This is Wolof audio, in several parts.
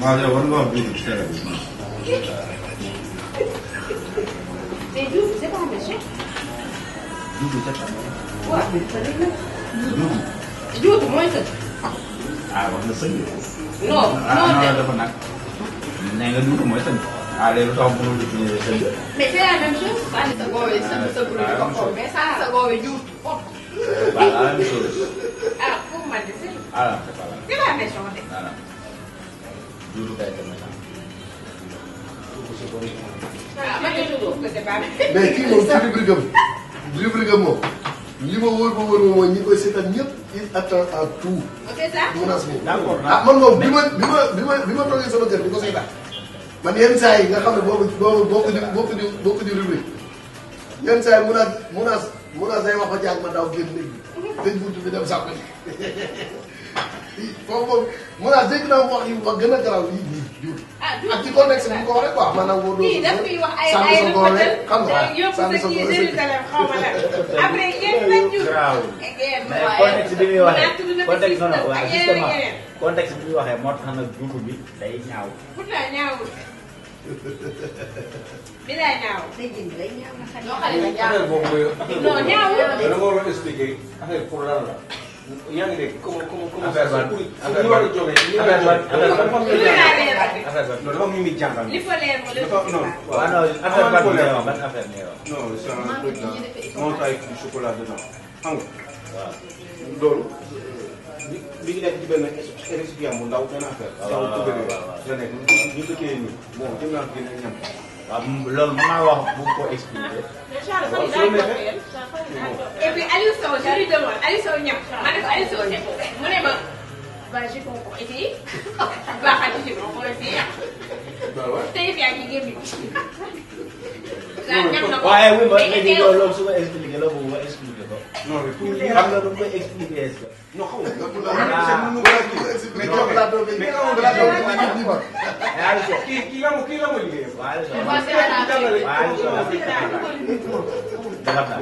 맞아, 원본 비교 시켜라. Et d'où vous êtes engagé D'où vous êtes engagé Ouais, mais vous savez que. D'où D'où, mooy sëñ. ah wax na sëñ bi. non non de dafa nag. nee nga dugg mooy sëñ. ah léegi lu tax mënul utiliser sëñ bi. mais c'est la même chose. ah sa góobee sa sa góobee mais ça sa góobee jur. voilà la même chose. ah pour ma de sëñ. ah c'est pas la. c'est la même chose de. dulu kayak teman mais kii moom ci rubrique am rubrique am moom li ma wóor ma wóor ma mooy ñi il attend à tout. menace boobu. d'accord ah man moom bi ma bi ma bi ma bi ma toogee sama kër di ko seetaan man yenn saa yi nga xam ne boo ko boo boo ko di boo ko di boo ko di rubrique yenn saa yi menace menace menace day wax ba jàng ma daaw génn léegi tëj buntu bi dem sàmm foofu moom maanaam dégg naa wax yu wax gën a garaaw yi jiw ah, ak ci contexte bi ko waxee quoi maanaam woo doo sànni sa góor xam nga sànni sa góor garaaw eh, eh, mais contexte bi muy waxee contexte non non waaw justement contexte bi muy waxee moo tax nag dugub bi day ñaaw. bi laa ñaaw. ñaaw na xale. non xale la ñaaw. non ñaaw. dama war a expliquer affaire pour lan la. yaa ngi dégg comment comment comment. affaire ban affaire ban pour ñu war a jógee. affaire ban affaire non. waaw non affaire ban bi nga wax ban affaire bi nga wax. non c'est un truc là montagne du chocolat dedans xam nga. waaw loolu. bi bi ñu nekk ci benn récipient bu ndaw benn affaire. waaw waaw waaw la nekk ñu ko waaw loolu mën wax bu ko expliqué. waaw soo nekkee. et puis Aliou Sow je lui demande Aliou Sow ñam ma ne ko ne mu ne ma. waaw je comprends et puis baaxati si moom si yàq. tey yaa bu ma léegi loolu su ma expliqué la boobu ma expliqué ko. non xaw ma.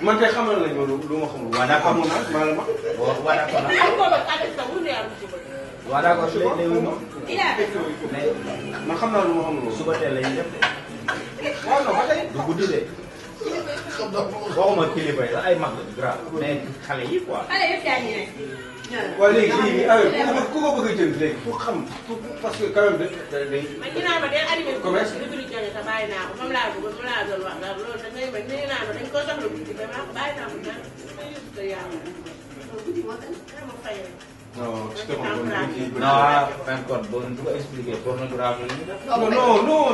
man kay xamal nañu ma lu ma xamul. waaw d'accord maanaam. waaw d'accord waaw d'accord man xam naa lu ma xamul. suba teel la ñuy def de. waaw non ba tey. du guddi de. waxuma kilifa yi la ay mag lañu grave mais xale yi quoi. xale yëpp yaa ngi nekk. waaw léegi léegi aywa ah, ku ko bëgg a jënd léegi pour xam parce que quand même da da day. man ñu naan ma day animé. commerce bi du jóge te bàyyi naa ko moom laa bëgg moom laa doon wax dara loolu dangay ma nee naa ma dañu ko soxla guddi ba maa ko bàyyi naa ko ñaar ma yóbbu ko yàlla. loolu guddi moo tax dama fay rek. non encore boo du ko expliquer pornographe la ñuy def. non non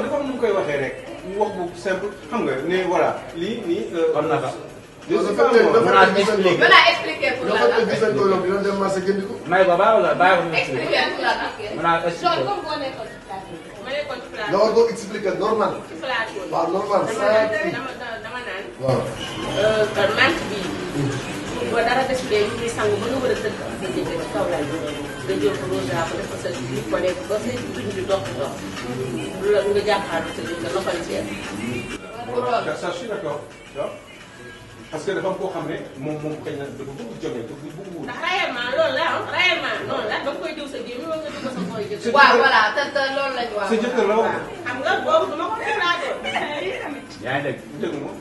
dafa am nu mu koy waxee rek. ñu wax bu simple xam nga ne voilà lii nii. xam naa sax. dafa expliquer pour la dafa expliquer pour la dafa dem marché jëndi ko. may ba baax la baax na. expliquer pour la ak yéen. comme boo expliquer normal. waaw normal. dama dama naan. waaw. ba dara desulee lu ñuy sangu ba nga war a tëdd ak sa jëkkër ci kaw lay nga jël ko rosa ba def ko sa biir ko lekk ba sa duñ bi dox dox loolu nga jàppaaru sa jëkkër loxo yi seet. ça je suis d'accord parce que dafa am koo xam ne moom moom xëy na dafa bëgg jëme dafa bëgg wóor. ndax réellement loolu la ah réellement noonu la da nga koy diw sa biir loolu nga diw ko sa boy jëkkër. waaw voilà te te loolu lañ wax. sa jëkkër la wax. xam nga boobu du ma ko def laa doon. yaa ngi dégg dégg nga.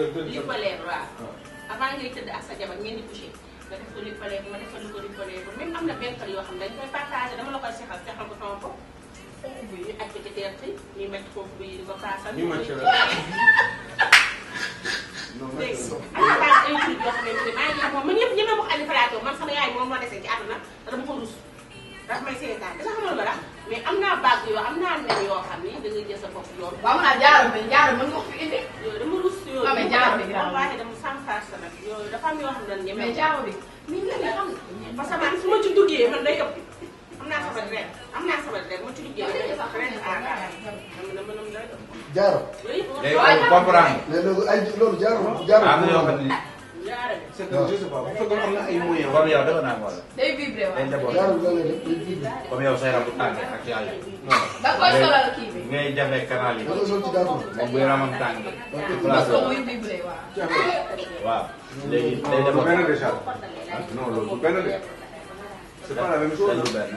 lip lèvre waaw ah. avant ngay tëdd ak sa jabar ngeen di couché nga def ko lip lèvre ma defal ko lip lèvre même am na benn yoo xam ne dañ koy partagé dama la koy sexal sexal ko sama bi ñu aj ko ci teer yoo xamante ne maa ngi xam moom man ñëpp ñëpp a wax Aliou Plateau man sama yaay moom moo desee ci àdduna dama ko rus daf may seetaan danga xam loolu la mais am naa bàgg yoo am naa nen yoo xam ni da nga jël sa bopp yoon. waaw maanaam jaarul mais jaarul mën nga ko fi indi. yooyu dama rus yooyu. waaw mais jaarul bi dama yooyu dafa am yoo xam ne mais jaarul bi. nit ñi ma ci duggee man day am naa sabat rek am naa sabat rek ma ci duggee rek rek ah ah. ah. jaarul. léegi yoo xam Se conduce para fue con una y muy va ya de una cosa. Dei vibre. Ente por. Come ho sai la montagna a chiave. No. Da questo la chiave. Ne già nei canali. Non sono ti dato. Non vuoi la montagna. Ma come in vibre va. Va. Lei lei da bene risalto. No, lo bene. Se parla venuto. Bello bene.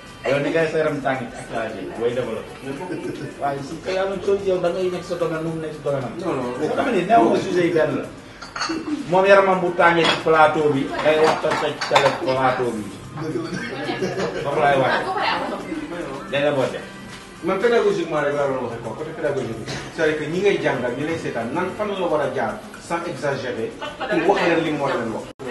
yow ni ngay sa yaram tàng ak laaj yi booy développé. waaye su ko yàlla coono yow da ngay nekk sa domaine nu nekk sa domaine am. ma sujet yi benn moom yaramam bu tàngee ci plateau bi day waxtaan sa télé plateau bi. foofu laay waxee. day la bootee. man pédagogiquement rek laa doon waxee quoi ñi ngay jàngal ñi lay seetaan nan fan la war a jaar sans exagérer pour wax leen li war a leen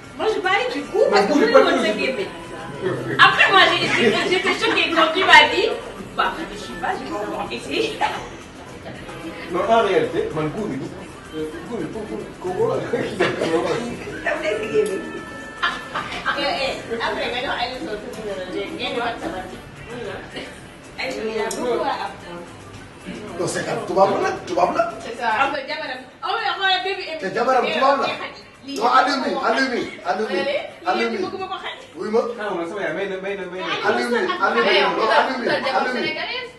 Moi, je parlais du coup parce que je Après, moi, j'étais choquée quand tu m'as dit, bah, je ne suis pas, je vais voir ici. Non, en réalité, mon euh, goût, goût, ah, goût, ah, ah, goût, eh, Après, maintenant, elle est sortie de euh, hein. elle est beaucoup à Non, c'est ça tu vas là, tu vas là. C'est ça. oh, mais on oh, bébé. Eh, c'est Jabaram, eh, tu No, allumé, allumé, allumé, allumé. Wuy ma. Xaw ma sama yaay may na may na l a y na. Allumé, allumé, allumé, allumé.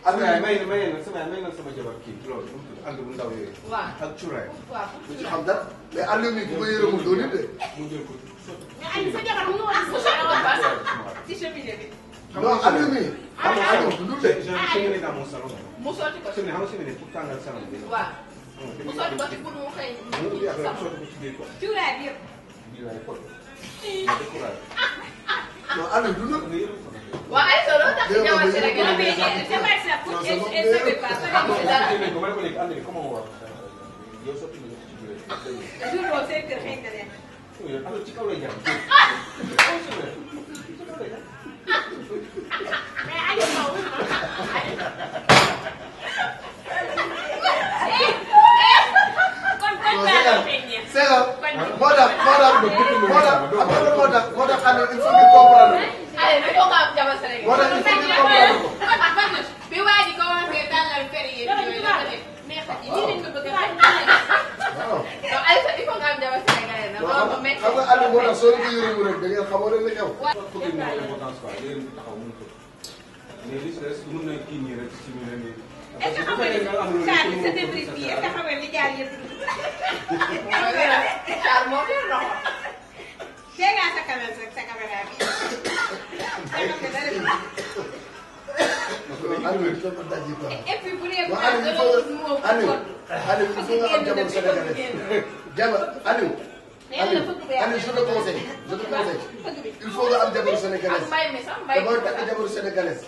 Sama yaay i may na may na sama yaay i may na sama jabar kii a l o a l u m a tudd ànd b i ndaw y o a y u Waaw ak c i u r a i a y Waaw bu ci xam dara mais allumé i bu ma i yërëmul doo nit de. Mu jël ko mais Ali i sa jabar mu ngi w i o n ak sa ci a h e m i n é e bi. a Non, allumé. Allumé, allumé, du d a l de. a e suis v e i u d a i s m a n salon. m i sotti ko. a h e m i n é e xam nga i a h e m i a n é e pour t i n g a l salon bi. Waaw. bu sotti ba ci pour mu xëy. cuuraay bi yëpp. non alal du lépp. waaw ay solo tax ñu ñëwaat si rek mais dafay sax pour elle elle savait pas. toujours seen kër xëy na leen. alors ci kaw lay jàpp. mais ay c'est ça moo tax moo tax moo tax xam nga moo tax moo tax xam ne il faut que comprendre ko. moo tax il faut que comprendre ko. xam nga àll boo tax soo leen ko yërëmu rek da ngeen xamoo leen li xew. mais li si des mën na kii nii rek si ñu leen est ce que xam nga ni Saal bi sa débris bi est ce que xam nga ni jaar yëpp Saal moom yor na ko. dégg nga sa caméra rek sa caméra bi. et puis bu dee ko. Aliou Aliou il faut nga am jabar Sénégalais jabar Aliou. Aliou Aliou je te conseille je te conseille il faut nga am jabaru sénégalaise te booy takk jabaru sénégalaise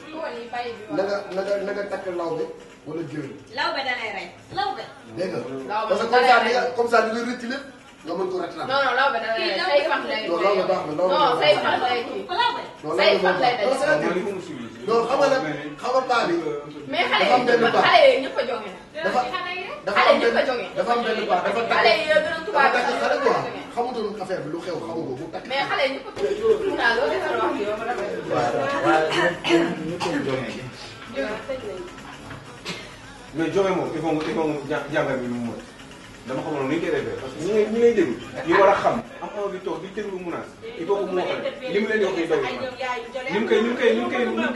na nga na nga na nga takk lawbe wala géwél. lawbe da lay rey lawbe. dégg nga parce que comme ça nga comme ça li nga rëcc lépp nga mën ko rattraper. non non lawbe da lay rey say fan lay. non lawbe baax na lawbe. non say fan lay kii. lawbe say fan lay non xam nga nag xam nga paa bi. mais xale yi xale yi ñëpp a joŋe na. dafa dafa am benn dafa am benn paa dafa takk. xale yi yow dina tubaab bi dafa takk quoi xamutoon affaire bi lu xew xamu ko bu takk. mais xale yi ñëpp a tudd naa loolu dafa wax yow ma rafetlu. waaw waaw ñu ko joŋe gi. mais joŋe moom il faut nga il faut nga jàngat bi mu mën. dama xamoon ni ñu koy defee que ñi ngay ñi war a xam am envie toog di déglu munaas il faut que mu waxal ñu ngi koy ñu ngi koy ñu ngi koy ñu mu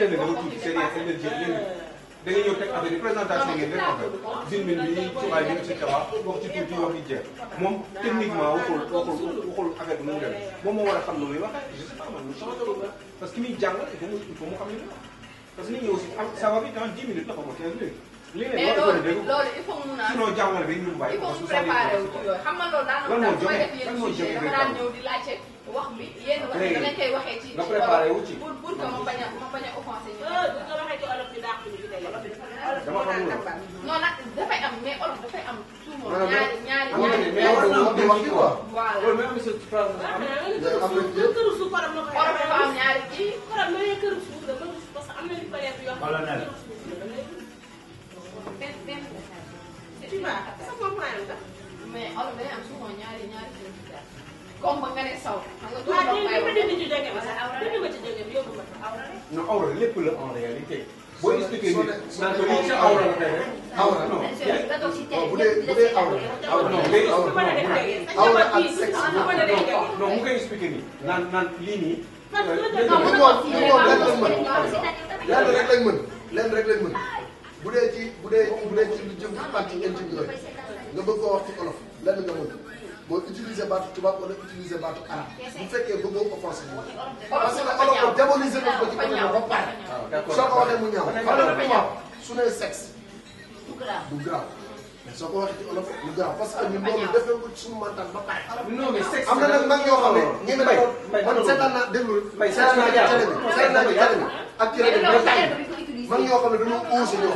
leen di dafa tuuti seen yaay seen ñëw teg affaire yi présentation ci tabax ci wax ci jeex moom techniquement waxul waxul waxul affaire mu dem moom moo war a xam lu muy wax parce que muy jàng il mu il mu xam li mu parce que nit ñi aussi am ça va vite dans dix minutes la xaw ma quinze minutes. mais loolu loolu il faut mun a sinon jàngale bi ñu bàyyi. il faut mu préparer wu ci yooyu xam nga loolu daanaka daal su ma def yenn sujet dama daan ñëw di laajte wax bi yenn wax bi danañ koy waxee ci. nga préparé wu ci pour pour que ma bañ a ma bañ a offensé. bu nga waxee ci olof bi daax bi ñu dama xamul non nag dafay am mais olof dafay am. suuma ñaari ñaari ñaari. mais wax wax ci quoi. voilà loolu même monsieur Fra am na. am na kër su korom la ko. olof dafa am ñaari kii. korom la kër su colonel. benn benn tu vois sa comprendre nga. mais olof day am souvent ñaari ñaari signification. comme ba nga ne saw. xam nga tuuti ndox ma non awra lépp la en réalité. boo expliqué nii naan ko lii ca awra la rek. awra non bu dee bu dee awra. awra non léegi awra ak sexe non mu koy expliqué nii naan naan lii nii. li ko li ko lenn rek lañ mën lenn rek lañ mën bu dee ci bu dee bu dee ci lu jëm ci parti intime nga bëgg koo wax ci olof lenn nga mën mooy utiliser baatu tubaab wala utiliser baatu arab bu fekkee bëggoo offense bi parce que olof ko diaboliser nañ ko ci côté ba pare ah, soo ko waxee mu ñaaw xam nga tubaab su nee sexe du grave soo ko waxee ci olof lu gaaw parce que ñun loolu defee ko ci suñu mantaan ba pare. Ah, non mais sexe am na nag mag yoo xam ne. ñu ngi bay man seetaan naa déglu. bay seetaan naa jaar seetaan naa ci télé bi ak ci rajo Bretagne xam ne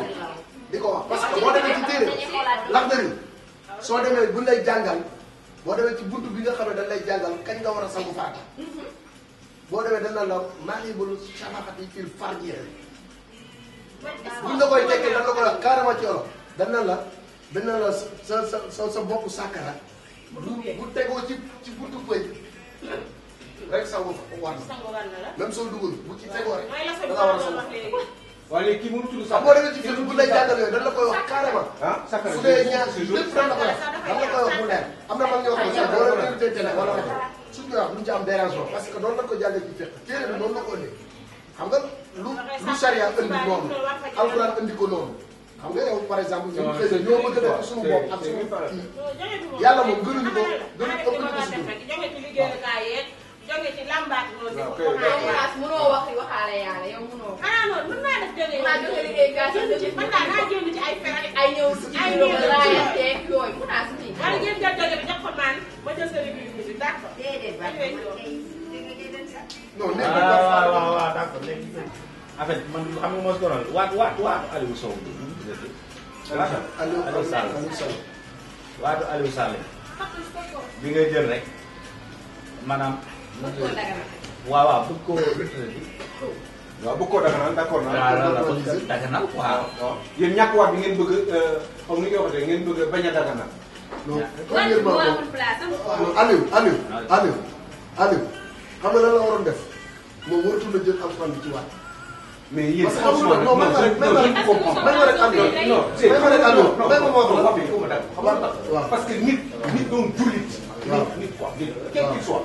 di ko wax parce que boo demee ci téere lax dëri soo demee buñ lay jàngal boo demee ci bunt bi nga xam ne dañ lay jàngal kañ nga war a sangu faat boo demee dañ la la maaribul safaxati fil farjir buñ la koy tekkee dañ la ko wax carrément ci olof dañ la dañ la sa sa sa sàkkara bu tegoo ci ci buntu rek sangu war a suuf. waaye léegi kii mënut tudd sax. boo demee ci fii bu lay jàngal yooyu dañ la koy wax carrément. ah sax su dee ñaar lépp dañ la koy wax dañ la koy wax mu leer. am na man ñoo xam ne sax boo demee tey tey wala wala suñu wax duñ ci am dérangement. parce que doon na ko jàngee ci fekk téere bi noonu la ko ëndee xam nga lu lu charia indi noonu alxuraan indi ko noonu. xam nga yow par exemple ñun xëy na ñoo bëgg a def suñu bopp ak suñu kii yàlla moom gënuñu ko gënuñu ëpp ñu ko si jóge ci làmbaati noonu. Ah, waaw kay wax mënoo wax waxaale yàlla yow mënoo. ah non mën naa def jóge. maa jóge liggéey gaa sax jóge mën naa naa génn ci ay fere ay ñëw ay ñëw laayanteeg yooyu mën naa si. wala ngeen jël jóge bi jox ko man ma jël sa revue bi d'accord. déedéet ba tey non nekk na ah, waaw waaw waaw d'accord léegi. en fait man xam nga moo si gënoon waat waat waatu Aliou Sow. Aliou Aliou Sall waatu Aliou Sall bi nga jël rek maanaam Wah, buku. Waaw bu da nga naan d'accord naa. waaw waaw kon daganal quoi. waaw yéen ñàkk wax bi ngeen bëgg comme ni nga waxee ngeen bëgg bañ a daganal. non premièrement non Aliou Aliou Aliou Aliou xam nga lan la waroon def moom waratul la jël alxuraan bi ci waat. mais yéen sa alxuraan non man rek man rek man rek Aliou non man rek Aliou man rek moo ko wax bi xam nga parce que nit nit doon jullit. waaw nit quoi nit quel qu'il soit.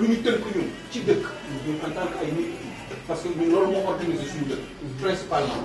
l'unité euh, lu en tant que parce que nous organisé principalement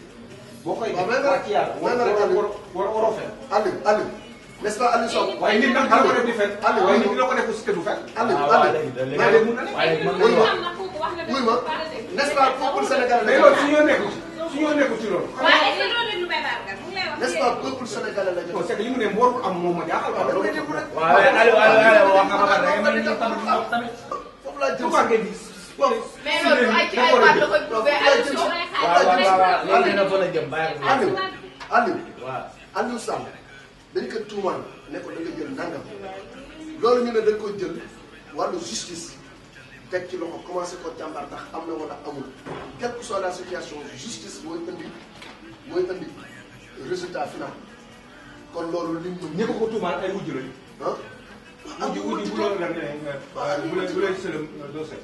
boo koy def waa ci yàlla war war waroo fen. Aliou Aliou n'est-ce pas Aliou Sow. waaye nit ñi dina ko def di fen. Aliou waaye nit ñi dina ko def aussi te du fen. Aliou ah, Aliou maa ngi wuy ma n'est-ce pas peuple sénégalais. mais loolu su ñoo nekkul su ñoo nekkul ci loolu. n'est-ce pas peuple sénégalais la ñu. parce que li mu ne mboolu am moom ma jaaxal. waaw loolu dëgg la waaw Aliou Aliou wax nga ma baax da ngay tamit foofu laa jëm. foofu laa jëm mais loolu ay ci ay waat la koy prouvé Aliou Sow. waaw waaw waaw loolu nee na fa la jëm ko. Aliou Aliou. waaw Aliou Sall dañ ko tuumaal ne ko da nga jël nangam loolu ñu ne dañ koy jël wàllu justice teg ci loxo commencé ko jàmbaar ndax am na wala amul quelle que soit la justice mooy indi mooy indi résultat final kon loolu li ñu. ñi ko ko tuumaal ay wujj lañu. ah wujj wujj bu loolu la nga ne ah, bu leen bu leen sëlëm ah, ah. doo seet.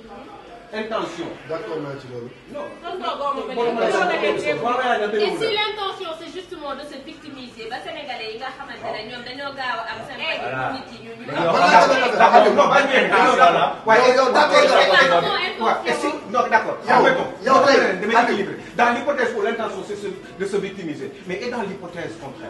intention. D'accord, Non. Et si l'intention, c'est justement de se victimiser, les Sénégalais, D'accord. Dans l'hypothèse où l'intention, c'est de se victimiser. Mais et dans l'hypothèse contraire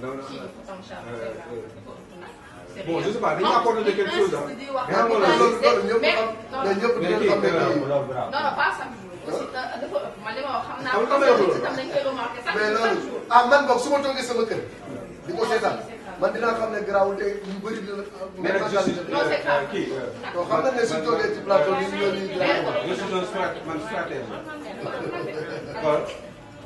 non non bon je sais pas dañu apporter quelque chose ah. mais mais non non pas samedi aussi dafa ëpp man li ma wax xam naa. Ah, xam dañ koy remarqué ah man boog su ma toogee sama kër. di ko seetaan man dinaa xam ne garaawul te ñu bëri dina. mais nag je suis euh, kii. Euh, xam nga ne suñu toogee ci plateau bi ñu ngi leen di. man stratège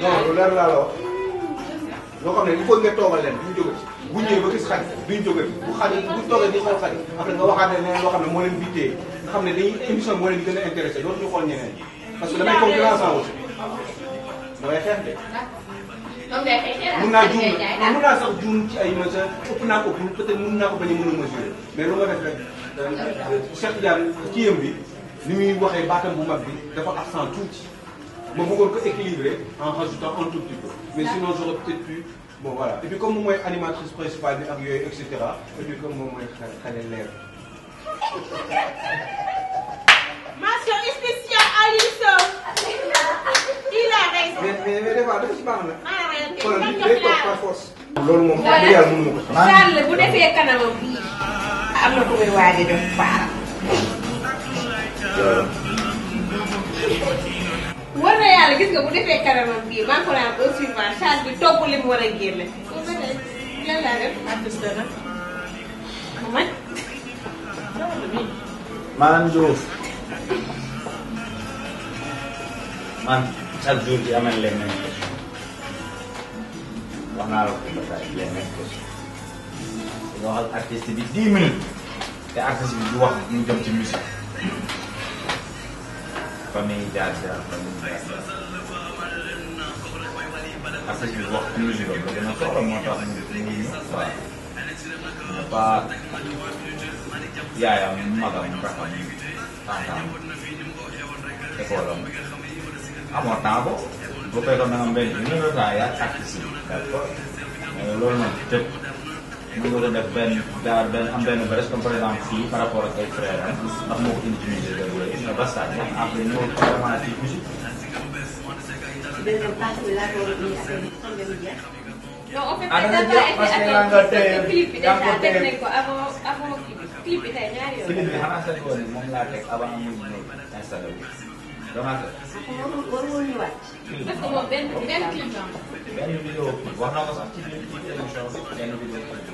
non lu leer laa la wax loo xam ne il faut nga toogal leen duñ jógati bu ñëwee ba gis xaj duñ jógati bu xaj bu toogee di xool xaj après nga waxaat ne loo xam ne moo leen di téye xam ne dañuy émission moo leen di gën a intéressé dootuñu xool ñeneen parce que damay concurrence aussi damay xeex de. mën naa juum mën naa sax juum ci ay mesures ëpp naa ko ëpp peut-être naa ko bañ a mën a mesurer mais lu ma def rek euh, Cheikh bi. ni muy waxee baatam bu mag bi dafa absent tuuti ma bëggoon ko équilibrer en rajoutant un tout petit peu mais sinon j'aurais peut-être pu bon voilà et puis comme moom mooy animatrice principale bi ak yooyu et cetera et puis comme moom mooy xale leer mention spéciale Alice il a raison mais mais des fois dafa ci baax na ah, xoolal li day toog par force loolu moom wax yàlla mënu ma ko sall bu defee kanamam bi am na ko muy waaj a def war na yàlla gis nga bu defee kanamam bii maa ngi ko naan au suivant charge bi topp li mu war a génne. kon ba tey lan laa def. artiste nag. man. man Diouf. man chaque jour bi amal les mêmes questions wax naa la ko bataay les mêmes questions. waxal artiste bi dix minutes te artiste bi du wax mu jëm ci musique. familiarité ak familiarité affaire bi wax musique la gën a soxla moo tax ñu ngi ñu waaw ne pas yaayam magam rakam tantam école am amoo temps ko bu fekkoon da nga mbéy mi ne la yaa tàkk si d'accord loolu moom tëb mu ngi doon def benn daal benn am benn bés comme par exemple fii par rapport ak ay frères am ndax moo ko indi ci musée bi wala mais basta ndax après ñëw vraiment ci musique. benn pàcc bi laa ko war a indi affaire bi xam nga mu jeex. donc en fait ah, parce que yaa nga tey clip bi déjà teg nañ ko avant avant clip bi tey ñaari yoon. clip bi xanaa sa tool yi moom laa teg avant muy ñëw installé wu. damaa ko. warul warul ñëwaat. parce que moom benn benn clip la. benn vidéo wax na ko sax ci biir ci émission benn vidéo.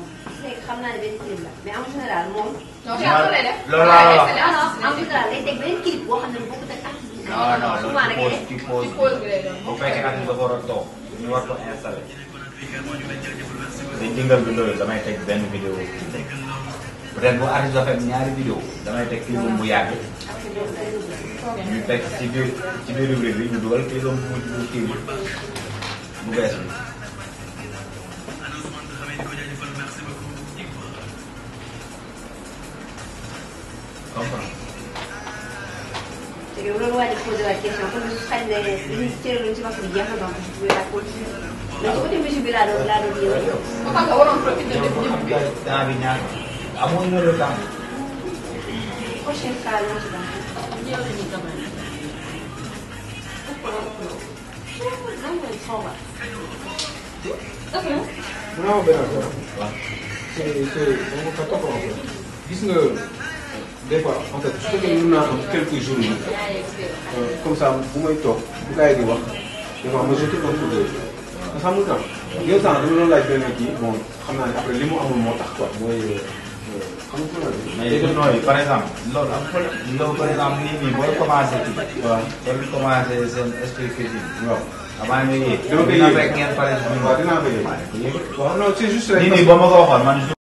nekk xam naa ne benn clip la mais en général moom. loolu laa wax en général day teg benn clip boo xam ne bokkut ak artiste bi. non non loolu ci pause ci pause bi lay doon. bu fekkee artiste dafa war a toog ñu war ko installé. dañ jëngal bi loolu damay teg benn vidéo peut-être bu artiste dafa am ñaari vidéo damay teg clip bu yàgg. ñu teg ci biir ci biir rubrique bi ñu dugal clip bu bu kii bu bees bi. comprendre. léegi loolu waa ji posé la question kon xëy na li ñu ci wax lu jeex donc bu la continuer. mais côté musique bi laa doon laa doon yëngal. xam nga waroon profité def ñëpp bi. temps bi ñaar amoon na le temps. prochain cas loo ci baax. ñëw nañu gamal. gis nga. des fois en fait su fekkee mën naa am quelques jours yi euh, comme ça bu may toog bu gars yi di wax des fois ma jeté comme pour deux jours. parce que amul temps. deux temps dama doon laaj benn kii bon xam naa ne après li mu amul moo tax quoi mooy. Euh, xam nga problème bi. mais yëpp nooy par exemple. loolu am problème. loolu par exemple nii nii booy commencé kii. waaw booy commencé seen esprit critique. waaw avant nga yéeg. dama koy yéeg dina fekk ngeen pare. waaw dinaa koy yéeg waaw non c'est juste rek. nii nii ba ma ko waxoon man.